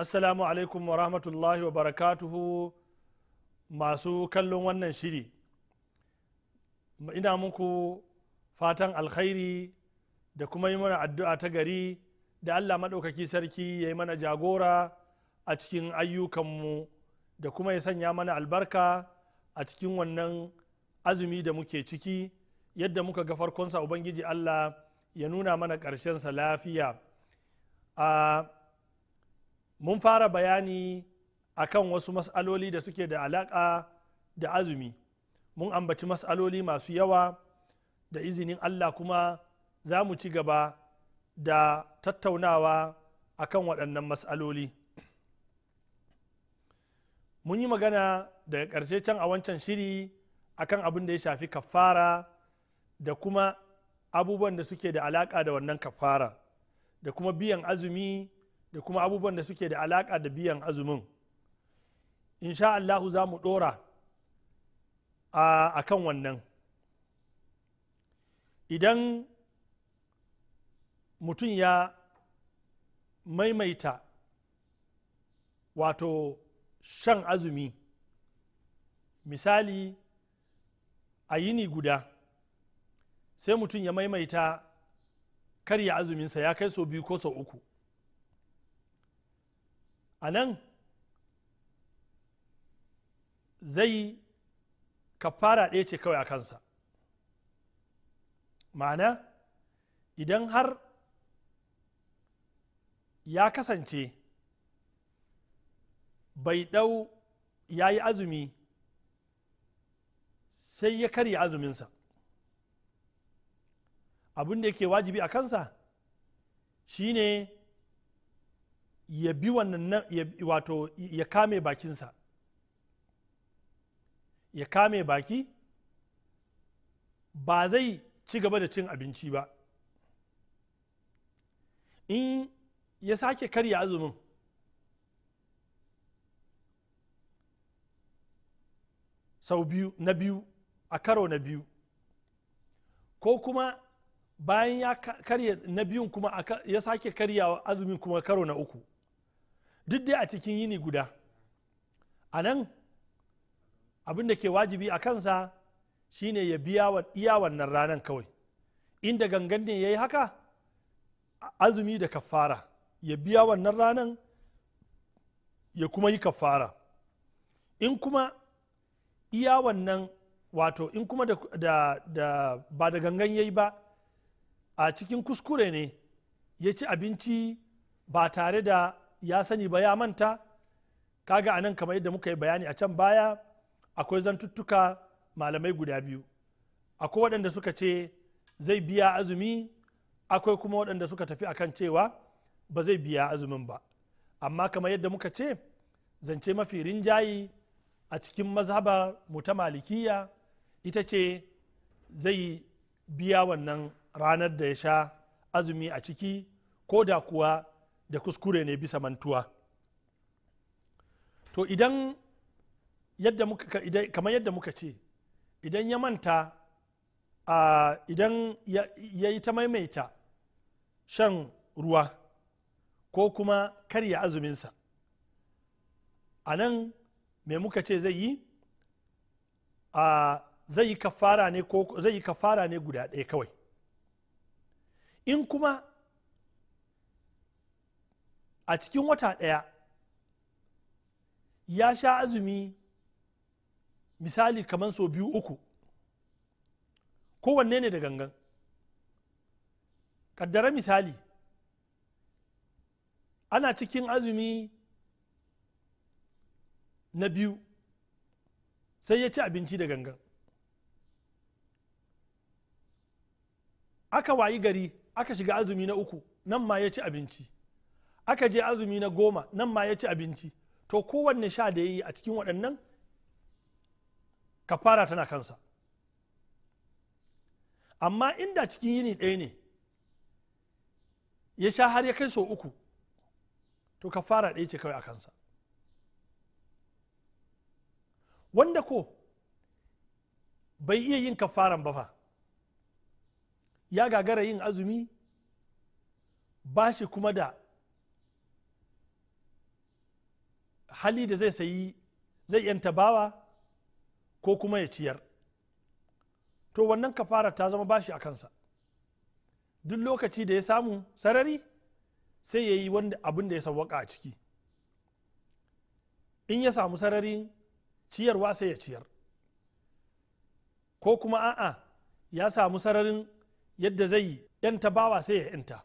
assalamu alaikum wa rahmatullahi wa barakatuhu masu kallon wannan shiri ina muku fatan alkhairi da kuma yi mana addu'a ta gari da allah maɗaukaki sarki ya yi mana jagora a cikin ayyukanmu da kuma ya sanya mana albarka a cikin wannan azumi da muke ciki yadda muka ga farkonsa ubangiji allah ya nuna mana ƙarshensa lafiya a ah, mun fara bayani akan wasu mas'aloli da suke da alaƙa da azumi mun ambaci mas'aloli masu yawa da izinin allah kuma za mu ci gaba da tattaunawa akan waɗannan mas'aloli mun yi magana daga ƙarshe can a wancan shiri akan abin da ya shafi kafara da kuma abubuwan da suke da alaƙa da wannan kafara da kuma biyan azumi da kuma abubuwan da suke da alaƙa da biyan azumin in sha Allahu za mu ɗora a kan wannan idan mutum ya maimaita wato shan azumi misali a yini guda sai mutum ya maimaita karya azuminsa ya kai sau biyu ko sau uku a nan zai kafara ɗaya ce kawai a kansa ma'ana idan har ya kasance bai ɗau ya yi azumi sai ya karya azuminsa abin da yake wajibi a kansa shine ya bi wannan wato ya kame bakinsa ya kame baki ba zai ci gaba da cin abinci ba in ya sake karya azumin sau biyu na biyu a karo na biyu ko kuma bayan ya karya na biyun kuma ya sake karyawa azumin kuma karo na uku duk dai a cikin yini guda a nan abin da ke wajibi a kansa shine ya biya iya wannan ranar kawai inda gangan ne ya yi haka azumi da kafara ya biya wannan ranar ya kuma yi kafara in kuma iya wannan wato in kuma da, da, da ba da gangan ya yi ba a cikin kuskure ne ya ci abinci ba tare da ya sani ba ya manta kaga anan kamar yadda muka yi bayani a can baya akwai zantuttuka malamai guda biyu akwai waɗanda suka ce zai biya azumi akwai kuma waɗanda suka tafi a kan cewa ba zai biya azumin ba amma kamar yadda muka ce zance mafi rinjayi a cikin mazhabar mu ta malikiya ita ce zai biya wannan ranar da ya sha azumi a ciki ko da kuwa da kuskure ne bisa mantuwa to idan yadda muka kamar yadda muka ce idan ya manta idan ya yi ta maimaita shan ruwa ko kuma karya azuminsa a nan me muka ce zai yi a zai yi kafara ne guda ɗaya kawai in kuma a cikin wata ɗaya ya sha azumi misali kamar sau biyu uku kowanne ne da gangan kaddara misali ana cikin azumi na biyu sai ya ci abinci da gangan aka wayi gari aka shiga azumi na uku nan ma ya ci abinci aka je azumi na goma nan ma ya ci abinci to kowanne sha da ya yi a cikin waɗannan kafara tana kansa amma inda cikin yini ɗaya ne ya sha har ya kai sau uku to kafara ɗaya ce kawai a kansa wanda ko bai iya yin kafaran ba fa ya gagara yin azumi ba shi kuma da hali da zai sayi zai yanta bawa ko kuma ya ciyar to wannan kafara ta zama bashi a kansa duk lokaci da ya samu sarari sai ya yi abin da ya sawwaka a ciki in ya samu sararin ciyarwa sai ya ciyar ko kuma a'a ya samu sararin yadda zai yanta bawa sai ya yanta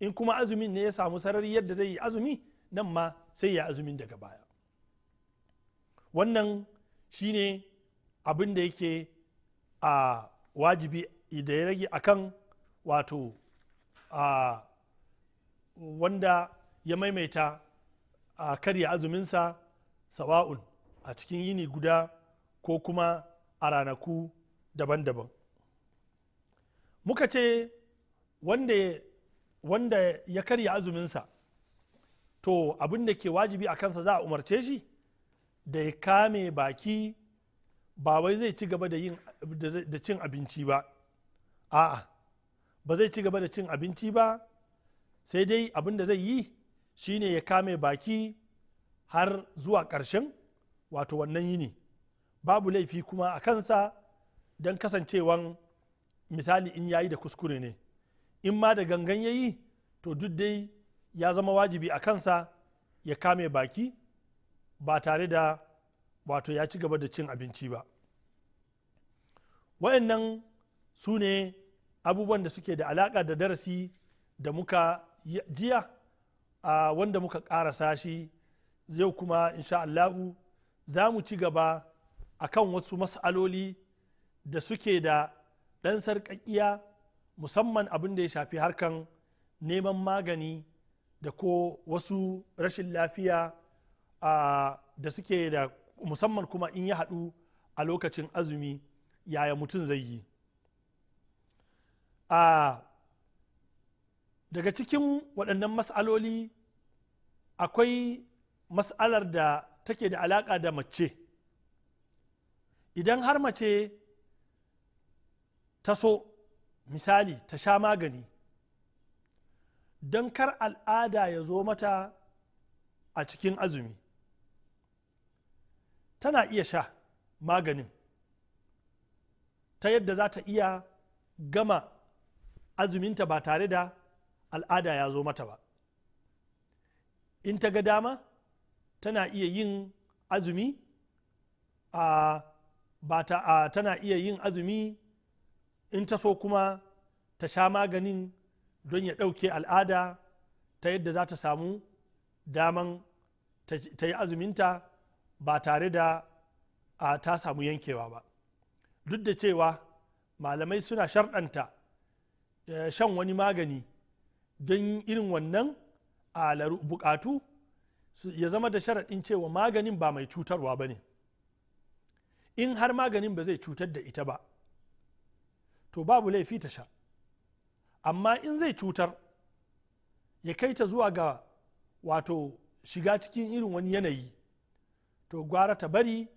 in kuma azumin ne ya samu sarari yadda zai yi azumi nan ma sai ya azumin daga baya wannan shine abin da yake a wajibi da ya rage a kan wato a wanda ya maimaita a karya azuminsa sawa'un a cikin yini guda ko kuma a ranaku daban-daban muka ce wanda ya karya azuminsa to abin da ke wajibi a kansa za a umarce shi da ya kame baki ba wai zai ci gaba da cin abinci ba a'a ba zai ci gaba da cin abinci ba sai dai abin da zai yi shine ya kame baki har zuwa ƙarshen wato wannan yini babu laifi kuma a kansa don kasancewan misali in yayi da kuskure ne in ma da gangan yayi to duk dai ya zama wajibi a kansa ya kame baki ba tare da wato ya ci gaba da cin abinci ba wayannan su ne abubuwan da suke da alaƙa da darasi da muka jiya a wanda muka ƙara shi zai kuma insha Allahu za mu ci gaba a kan wasu matsaloli da suke da ɗan sarƙaƙiya musamman abin da ya shafi harkan neman magani da ko wasu rashin lafiya da suke da musamman kuma in ya haɗu a lokacin azumi yaya mutum zai yi daga cikin waɗannan mas'aloli akwai mas'alar da take da alaƙa da mace idan har mace ta so misali ta sha magani don kar al'ada ya zo mata a cikin azumi tana iya sha maganin ta yadda za ta iya gama azuminta ba tare da al'ada ya zo mata ba in ta ga dama tana iya yin azumi a ba ta a tana iya yin azumi in ta so kuma ta sha maganin don ya ɗauke al'ada ta yadda za ta samu daman ta yi azuminta ba tare da a ta samu yankewa ba duk da cewa malamai suna sharɗanta e, shan wani magani don irin wannan a bukatu ya zama da sharaɗin cewa maganin ba mai cutarwa ba ne in har maganin ba zai cutar da ita ba to babu laifi ta sha amma in zai cutar ya kai ta zuwa ga wato shiga cikin irin wani yanayi to gwara ta bari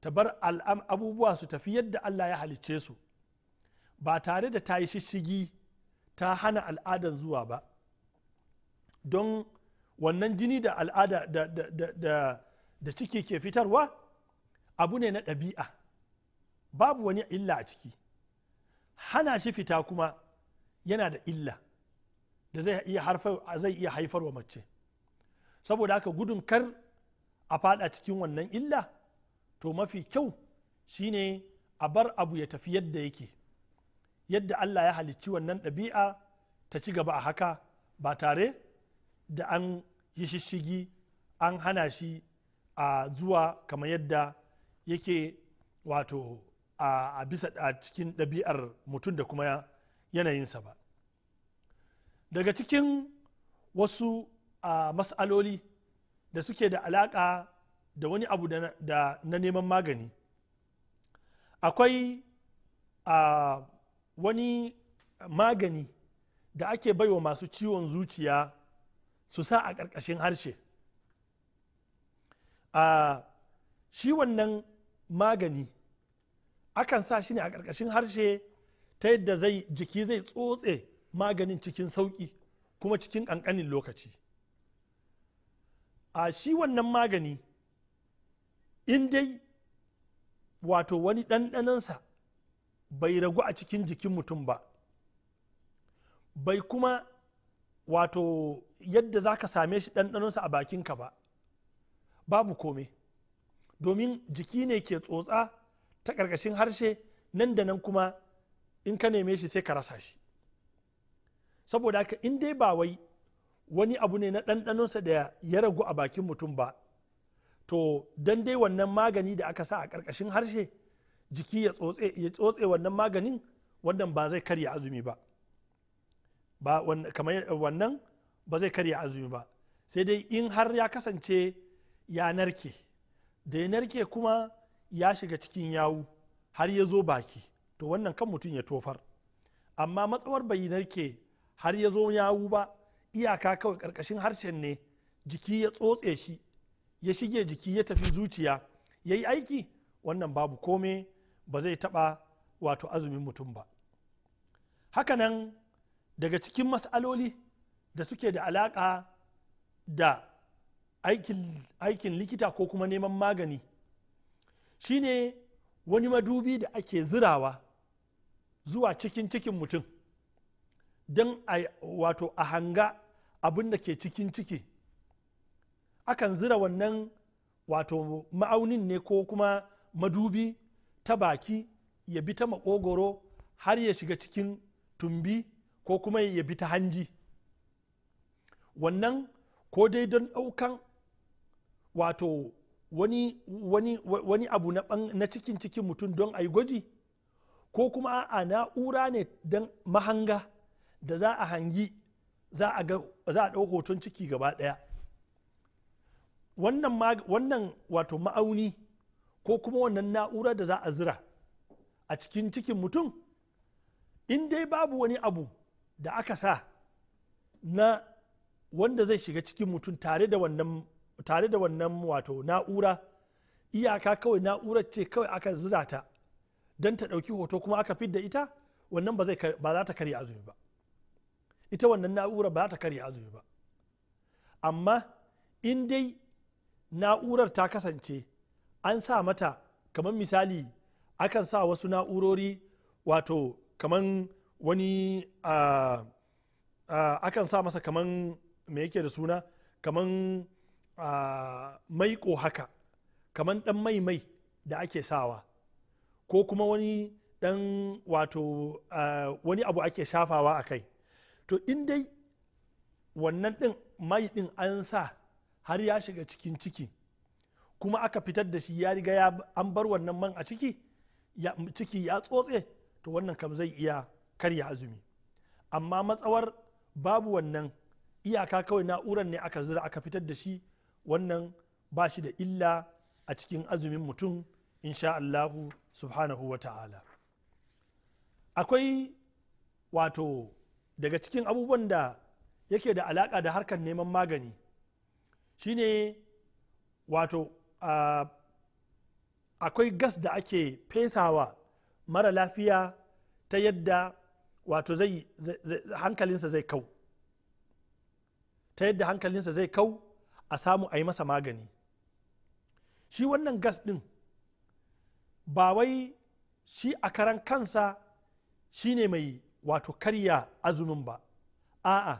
ta bar abubuwa su tafi yadda allah ya halicce su ba tare da ta yi shishigi ta hana al'adan zuwa ba don wannan jini da al'ada da, da ciki ke fitarwa abu ne na ɗabi'a babu wani illa a ciki hana shi fita kuma yana da illa da zai iya zai iya haifarwa mace saboda haka gudun kar a fada cikin wannan illa to mafi kyau shine a bar abu ya tafi yadda yake yadda allah ya halicci wannan ɗabi'a ta ci gaba a haka ba tare da an yi shishigi an hana shi a zuwa kamar yadda yake wato a bisa a cikin ɗabi'ar mutum da kuma yanayinsa ba daga cikin wasu a mas'aloli da suke da alaƙa da wani abu da na neman magani akwai a wani magani da ake baiwa masu ciwon zuciya su sa a ƙarƙashin harshe a shi wannan magani akan sa shi ne a ƙarƙashin harshe ta yadda zai jiki zai tsotse maganin cikin sauki kuma cikin ƙanƙanin lokaci a shi wannan magani in dai wato wani ɗanɗanansa bai ragu a cikin jikin mutum ba bai kuma wato yadda za ka same shi ɗanɗanonsa a bakinka ba babu kome domin jiki ne ke tsotsa ta ƙarƙashin harshe nan da nan kuma in ka neme shi sai ka rasa shi saboda haka in dai ba wai wani abu ne na ɗanɗanonsa da ya ragu a bakin mutum ba to dan dai wannan magani da aka sa a ƙarƙashin harshe jiki ya tsotse ya tsotse wannan maganin wannan ba zai karya azumi ba ba wannan ba zai karya azumi ba sai dai in har ya kasance ya narke da ya narke kuma ya shiga cikin yawu har ya zo baki to wannan kan mutum ya tofar amma matsawar bayyanar ke har ya zo yawu ba iyaka kawai karkashin harshen ne jiki ya tsotse shi ya shige jiki ya tafi zuciya ya yi aiki wannan babu kome ba zai taɓa wato azumin mutum ba hakanan daga cikin matsaloli da suke da alaƙa da aikin, aikin likita ko kuma neman magani shine wani madubi da ake zirawa zuwa cikin cikin mutum don a wato a hanga abin da ke cikin ciki akan zira wannan wato ma'aunin ne ko kuma madubi ta baki ya bi ta makogoro har ya shiga cikin tumbi ko kuma ya bi ta hanji wannan ko dai don ɗaukan wato wani, abu na cikin cikin mutum don a yi gwaji ko kuma a na'ura ne don mahanga da za a hangi za a ɗau hoton ciki gaba ɗaya wannan wato ma'auni ko kuma wannan na'ura da za a zira a cikin cikin mutum in dai babu wani abu da aka sa na wanda zai shiga cikin mutum tare da wannan tare da wannan wato na'ura iyaka kawai na'urar ce kawai aka zira ta don ta ɗauki hoto kuma aka fidda ita wannan ba za ta karya azumi ba ita wannan na'urar ba za ta karya azumi ba amma in dai na'urar ta kasance an sa mata kamar misali akan sa wasu na'urori wato kamar wani akan sa masa kamar me yake da suna kamar uh, maiko haka kamar dan mai mai da ake sawa ko kuma wani dan wato wani abu ake shafawa a kai to in dai wannan din mai din an sa har ya shiga cikin ciki kuma aka fitar da shi ya riga ya an bar wannan man a ciki ya ciki ya tsotse to wannan kam zai iya karya azumi amma matsawar babu wannan iyaka kawai na'urar ne aka zura aka fitar da shi wannan ba shi da illa a cikin azumin mutum insha Allahu subhanahu wa ta'ala akwai wato daga cikin abubuwan da yake da alaka da harkar neman magani shine wato akwai gas da ake fesawa mara lafiya ta yadda wato hankalinsa zai kau ta yadda hankalinsa zai kau a samu a yi masa magani shi wannan gas din ba wai shi a karan kansa shi ne mai wato karya azumin ba a'a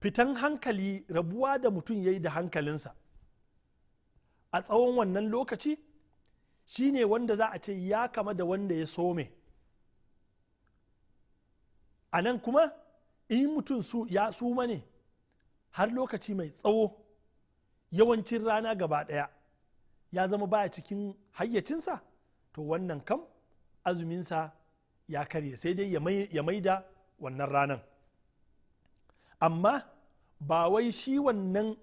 fitan hankali rabuwa da mutum ya yi da hankalinsa a tsawon wannan lokaci shi ne wanda za a ce ya kama da wanda ya some a nan kuma in mutum su ya suma ne har lokaci mai tsawo yawancin rana gaba ɗaya ya zama baya cikin hayyacinsa to wannan kam azuminsa ya karye sai dai ya maida wannan ranan amma ba wai shi wannan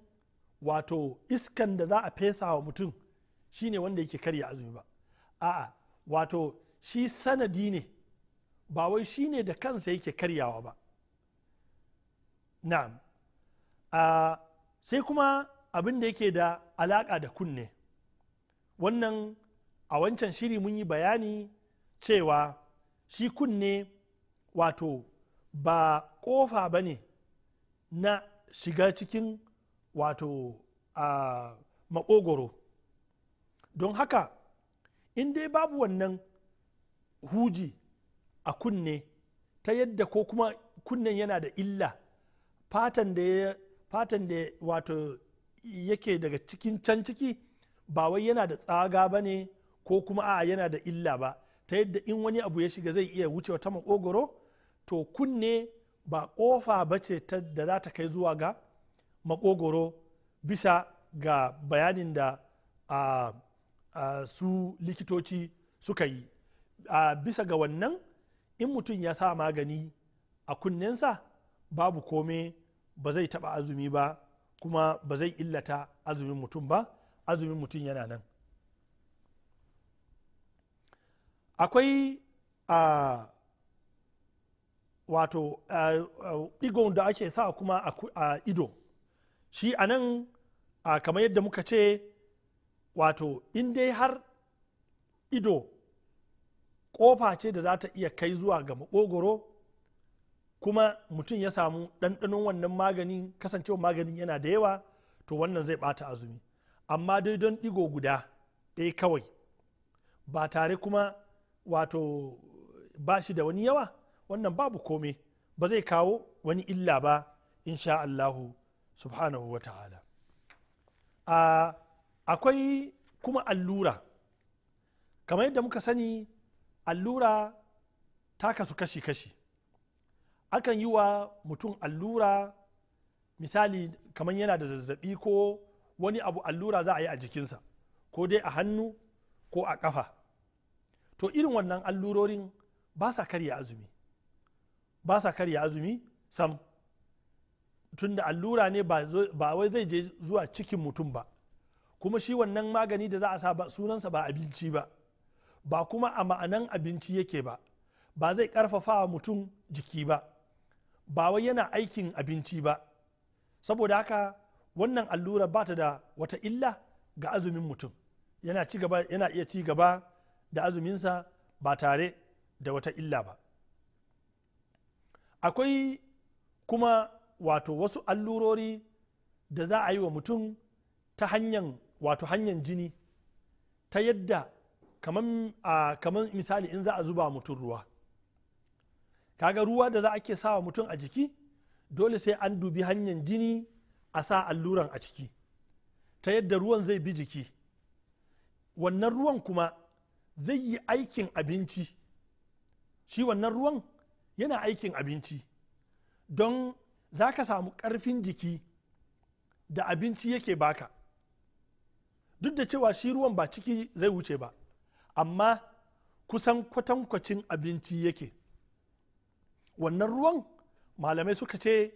wato iskan da za a fesa wa mutum shine wanda yake karya azumi ba a'a wato shi sanadi ne ba wai shi ne da kansa yake karyawa ba na'am sai kuma abin da yake da alaƙa da kunne wannan a wancan shiri mun yi bayani cewa shi kunne wato ba kofa ba ne na shiga cikin wato a makogoro don haka in dai babu wannan huji a kunne ta yadda ko kuma kunnen yana da illa fatan da ya fatan da wato yake daga cikin can ciki ba wai yana da tsaga ba ne ko kuma a'a yana da illa ba ta yadda in wani abu ya shiga zai iya wucewa ta makogoro to kunne ba kofa ba ce da za ta kai zuwa ga makogoro bisa ga bayanin da a, su likitoci suka yi a bisa ga wannan in mutum ya sa magani a kunnensa babu kome ba zai taba azumi ba kuma ba zai illata azumin mutum ba azumin mutum yana nan akwai a wato ɗigon da ake sa kuma a ido shi a nan kamar yadda muka ce wato in dai har ido kofa ce da za ta iya kai zuwa ga makogoro kuma mutum ya samu ɗanɗanon wannan magani kasancewa maganin yana da yawa to wannan zai bata azumi amma dai don ɗigo guda ɗaya kawai ba tare kuma wato ba shi da wani yawa wannan babu komai ba zai kawo wani illa ba insha Allahu subhanahu wa ta'ala akwai kuma allura kamar yadda muka sani allura ta kasu kashi-kashi akan yi wa mutum allura misali kamar yana da zazzabi ko wani abu allura za a yi a jikinsa ko dai a hannu ko a ƙafa to irin wannan allurorin ba sa karya azumi ba sa karya azumi sam tunda allura ne ba wai zai je zuwa cikin mutum ba kuma shi wannan magani da za a sa sunansa ba abinci ba ba kuma a ma'anan abinci yake ba ba zai karfafa mutum jiki ba ba wai yana aikin abinci ba saboda haka wannan allura ba ta da wata illa ga azumin mutum yana iya ci gaba da azuminsa ba tare da wata illa ba akwai kuma wato wasu allurori da za a yi wa mutum ta hanyar wato hanyar jini ta yadda kamar misali in za a zuba mutum ruwa kaga ruwa da za a ke sawa mutum a jiki dole sai an dubi hanyan jini a sa alluran a ciki ta yadda ruwan zai bi jiki wannan ruwan kuma zai yi aikin abinci shi wannan ruwan yana aikin abinci don za ka samu ƙarfin jiki da abinci yake baka duk da cewa shi ruwan ba ciki zai wuce ba amma kusan kwatankwacin abinci yake wannan ruwan malamai suka ce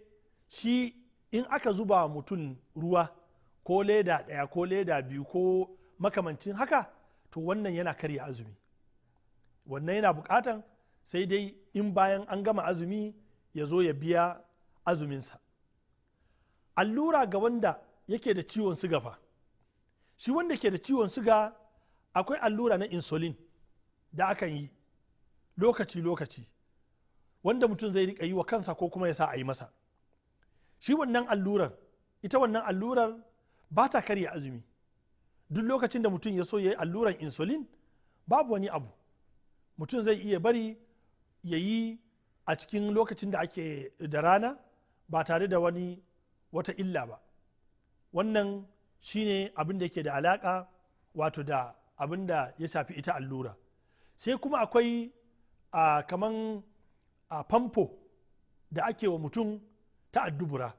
shi in aka zuba mutum ruwa ko leda ɗaya ko leda biyu ko makamancin haka to wannan yana karya azumi wannan yana bukatan sai dai in bayan an gama azumi ya zo ya biya azuminsa allura ga wanda yake da ciwon suga fa shi wanda ke da ciwon suga akwai allura na insulin da akan yi lokaci-lokaci wanda mutum zai rika yi wa kansa ko kuma ya sa a yi masa shi wannan allurar ita wannan allurar ba ta karya azumi duk lokacin da mutum ya so ya yi alluran insulin babu wani abu mutum zai iya bari ya yi a cikin lokacin da ake da rana ba tare da wani wata illa ba wannan shine abin da yake da alaka wato da abin da ya shafi ita allura sai kuma akwai a kaman a famfo da ake wa mutum ta addubura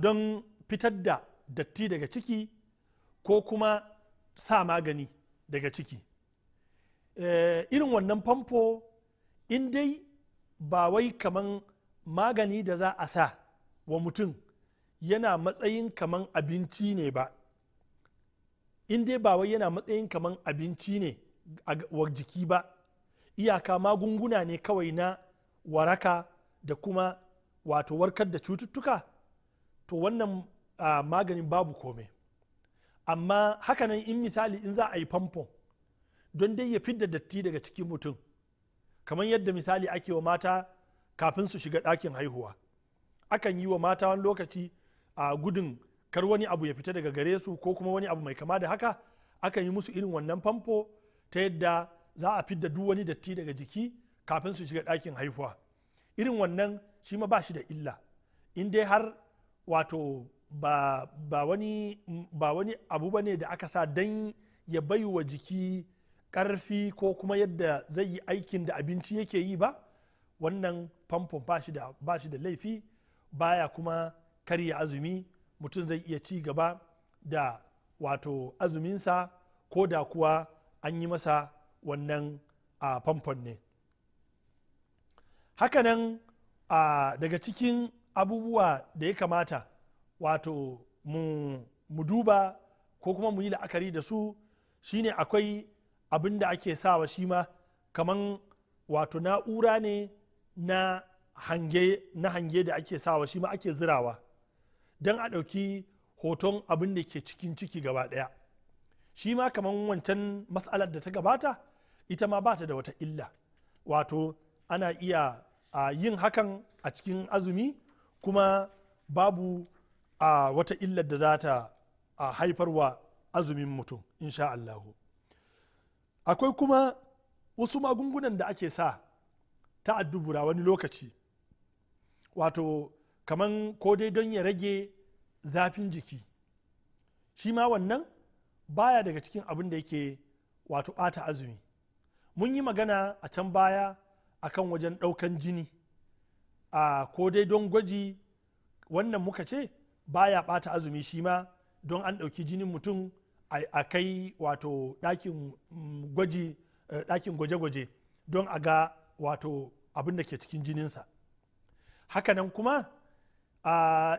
don fitar da datti daga ciki ko kuma sa magani daga ciki eh, irin wannan famfo in dai ba wai kaman magani da za a sa wa mutum yana matsayin kaman abinci ne ba in dai ba wai yana matsayin kaman abinci ne wa jiki ba iyaka magunguna ne kawai na waraka da kuma wato warkar da cututtuka to wannan ah, maganin babu komai amma hakanan in misali in za a yi famfo don dai ya fidda datti daga cikin mutum kamar yadda misali ake wa mata kafin su shiga ɗakin haihuwa akan yi wa mata wani lokaci a gudun kar wani abu ya fita daga gare su ko kuma wani abu mai kama da haka akan yi musu irin wannan famfo ta yadda za a fidda duk wani datti daga jiki kafin su shiga ɗakin haihuwa irin wannan shi ma ba shi da illa in dai har wato ba, ba wani wani abu bane da aka sa dan ya baiwa jiki karfi ko kuma yadda zai yi aikin da abinci yake yi ba wannan famfon ba shi da laifi baya kuma karya azumi mutum zai iya ci gaba da wato azuminsa ko da kuwa an yi masa wannan a famfon ne hakanan a daga cikin abubuwa da ya kamata wato mu duba ko kuma mu yi la'akari da su shine akwai abin da ake sawa shi ma kaman wato na'ura ne na hange, na hange da ake sawa shi ma ake zirawa don a ɗauki hoton abin da ke cikin ciki gaba ɗaya shi ma kaman wancan matsalar da ta gabata ita ma bata da wata illa wato ana iya a yin hakan a cikin azumi kuma babu a wata illar da za ta haifarwa azumin mutum insha Allahu akwai kuma wasu magungunan da ake sa ta addubura wani lokaci wato kaman ko dai don ya rage zafin jiki shi ma wannan baya daga cikin abin da yake wato ɓata azumi mun yi magana a can baya akan wajen ɗaukan jini a ko dai don gwaji wannan muka ce baya bata azumi shi ma don an ɗauki jinin mutum a kai wato ɗakin mm, eh, gwaje-gwaje don a ga wato abin da ke cikin jininsa hakanan kuma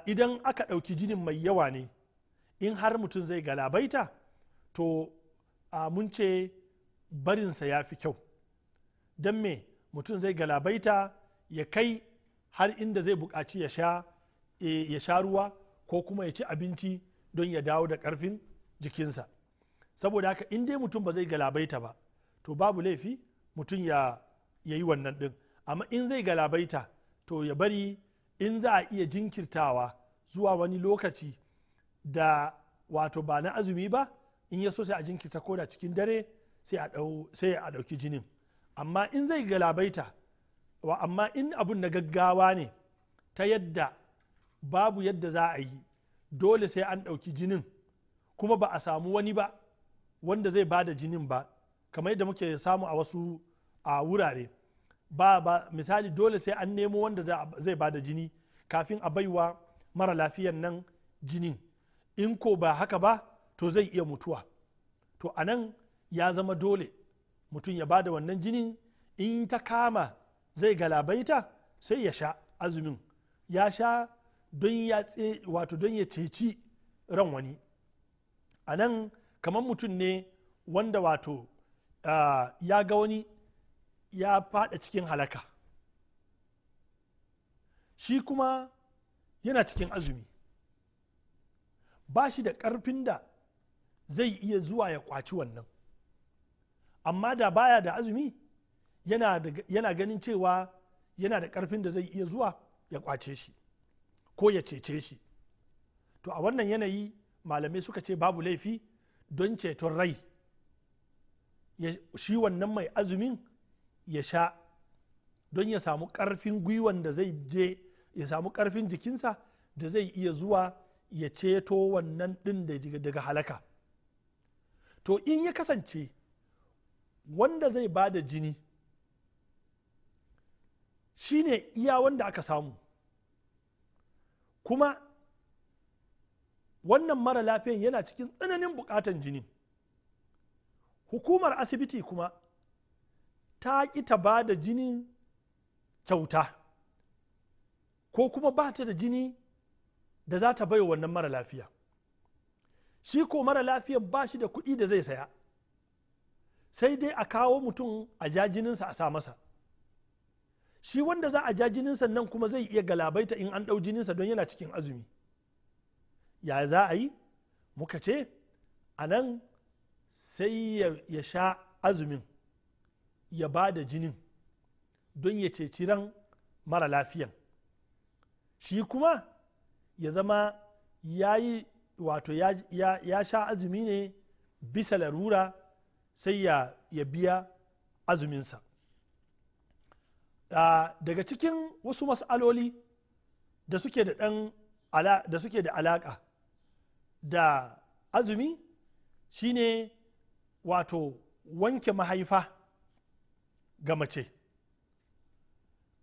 idan aka ɗauki jinin mai yawa ne in har mutum zai galabaita to mun ce barinsa ya fi kyau don me mutum zai galabaita ya kai har inda zai buƙaci eh, ya sha ruwa ko kuma ya ci abinci don ya dawo da karfin jikinsa saboda haka in dai mutum ba zai galabaita ba to babu laifi mutum ya yi wannan din amma in zai galabaita to ya bari in za a iya jinkirtawa zuwa wani lokaci da wato ba na azumi ba in ya so sai a jinkirta ko da cikin dare sai a ɗauki jinin amma in zai galabaita amma in abun na gaggawa ne ta yadda babu yadda za a yi dole sai an ɗauki jinin kuma ba a samu wani ba wanda zai ba da jinin ba kamar yadda muke samu a wasu a wurare ba ba misali dole sai an nemo wanda zai ba da jini kafin a baiwa mara lafiyan nan jinin in ko ba haka ba to zai iya mutuwa to a nan ya zama dole mutum ya ba da wannan jinin in ta kama zai galabaita sai ya sha azumin ya sha don ya tse wato don ya ceci ran wani a nan kamar mutum ne wanda wato ya ga wani ya fada cikin halaka shi kuma yana cikin azumi ba shi da ƙarfin da zai iya zuwa ya kwaci wannan amma da baya da azumi yana ganin cewa yana da ƙarfin da zai iya zuwa ya kwace shi ko ya cece shi to a wannan yanayi malamai suka ce babu laifi don ceton rai shi wannan mai azumin ya sha don ya samu ƙarfin gwiwan da zai je ya samu ƙarfin jikinsa da zai iya zuwa ya ceto wannan din daga halaka to in ya kasance wanda zai ba da jini shine iya wanda aka samu kuma wannan mara lafiyan yana cikin tsananin bukatan jini hukumar asibiti kuma ta ƙi ta ba da jini kyauta ko kuma ba ta da jini da za ta bai wannan mara lafiya shi ko mara lafiyan ba shi da kuɗi da zai saya sai dai a kawo mutum a ja jininsa a sa masa shi wanda za a ja jininsa nan kuma zai iya galabaita in an ɗau jininsa don yana cikin azumi ya za a yi muka ce a nan sai ya sha azumin ya ba da jinin don ya ceci ran mara lafiyan shi kuma ya zama ya yi wato ya, sha azumi ne bisa larura sai ya biya azuminsa daga cikin wasu mas'aloli da suke da ɗan da suke da alaƙa da azumi shine wato wanke mahaifa ga mace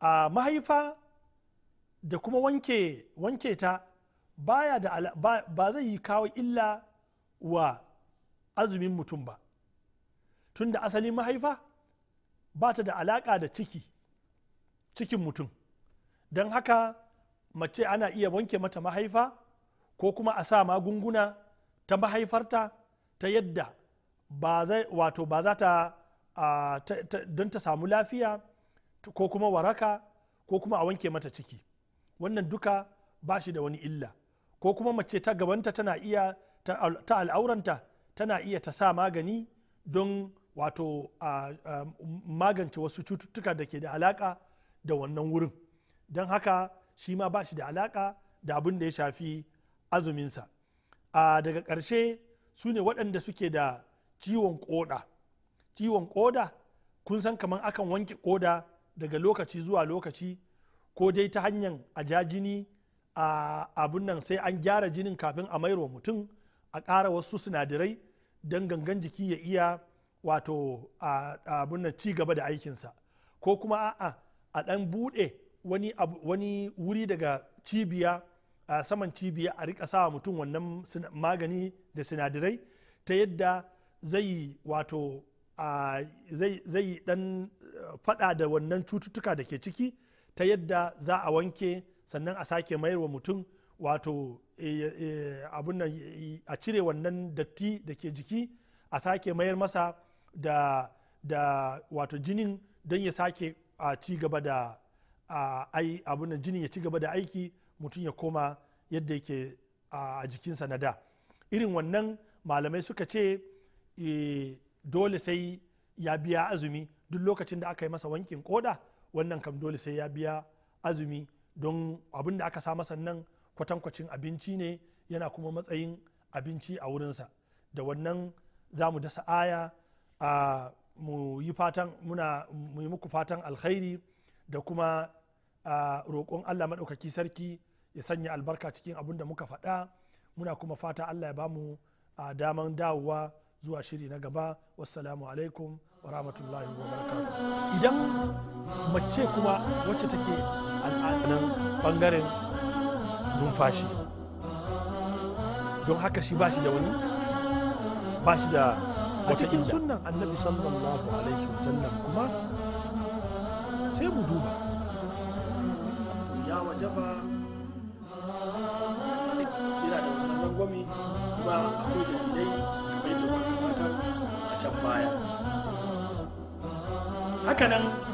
a mahaifa da kuma wanke, wanke ta baya da ala, ba, ba zai yi kawo illa wa azumin mutum ba tunda asalin mahaifa ba ta da alaƙa da ciki cikin mutum don haka mace ana iya wanke mata mahaifa ko kuma a sa magunguna ta mahaifarta ta yadda ba zai wato ba za ta don ta samu lafiya ko kuma waraka ko kuma a wanke mata ciki wannan duka ba shi da wani illa ko kuma mace ta gabanta tana iya ta al'auranta tana iya ta sa magani don wato magance wasu cututtuka da ke da alaka da wannan wurin don haka shi ma ba shi da alaka da abin da ya shafi azuminsa a daga ƙarshe su ne waɗanda suke da ciwon ƙoda ciwon ƙoda kun san kamar akan wanke ƙoda daga lokaci zuwa lokaci ko dai ta hanyar a ja jini a abin nan sai an gyara jinin kafin a mayarwa mutum a ƙara wasu sinadarai don gangan jiki ya iya wato abin nan ci gaba da aikinsa ko kuma a'a a dan bude wani, wani wuri daga cibiya a saman cibiya a rika sawa mutum wannan magani da sinadirai ta yadda zai wato zai dan eh, fada da wannan cututtuka da ke ciki ta yadda za a wanke sannan a sake mayarwa mutum wato eh, eh, abunan a cire wannan datti da ke jiki a sake mayar masa da, da wato jinin don ya sake a ci gaba da ai abin jini ya ci gaba da aiki mutum ya koma yadda yake a jikinsa na da irin wannan malamai suka ce e, dole sai ya biya azumi duk lokacin da aka yi masa wankin koda wannan kam dole sai ya biya azumi don abin da aka sa masa nan kwatankwacin abinci ne yana kuma matsayin abinci a wurinsa da wannan za mu dasa aya a mu yi fatan muna mu yi muku fatan alkhairi da kuma roƙon allah maɗaukaki sarki ya sanya albarka cikin abin da muka faɗa muna kuma fata allah ya bamu a daman dawowa zuwa shiri na gaba wassalamu alaikum wa rahmatullahi wa barakatuh idan mace kuma wacce take al'adunan bangaren numfashi don haka shi bashi da wani ba shi da a cikin sunnan annabi sallallahu alaihi wasallam kuma sai mu duba ya waje ba yana da wannan rangwami ba akwai dalilai kamar yadda muka a can baya hakanan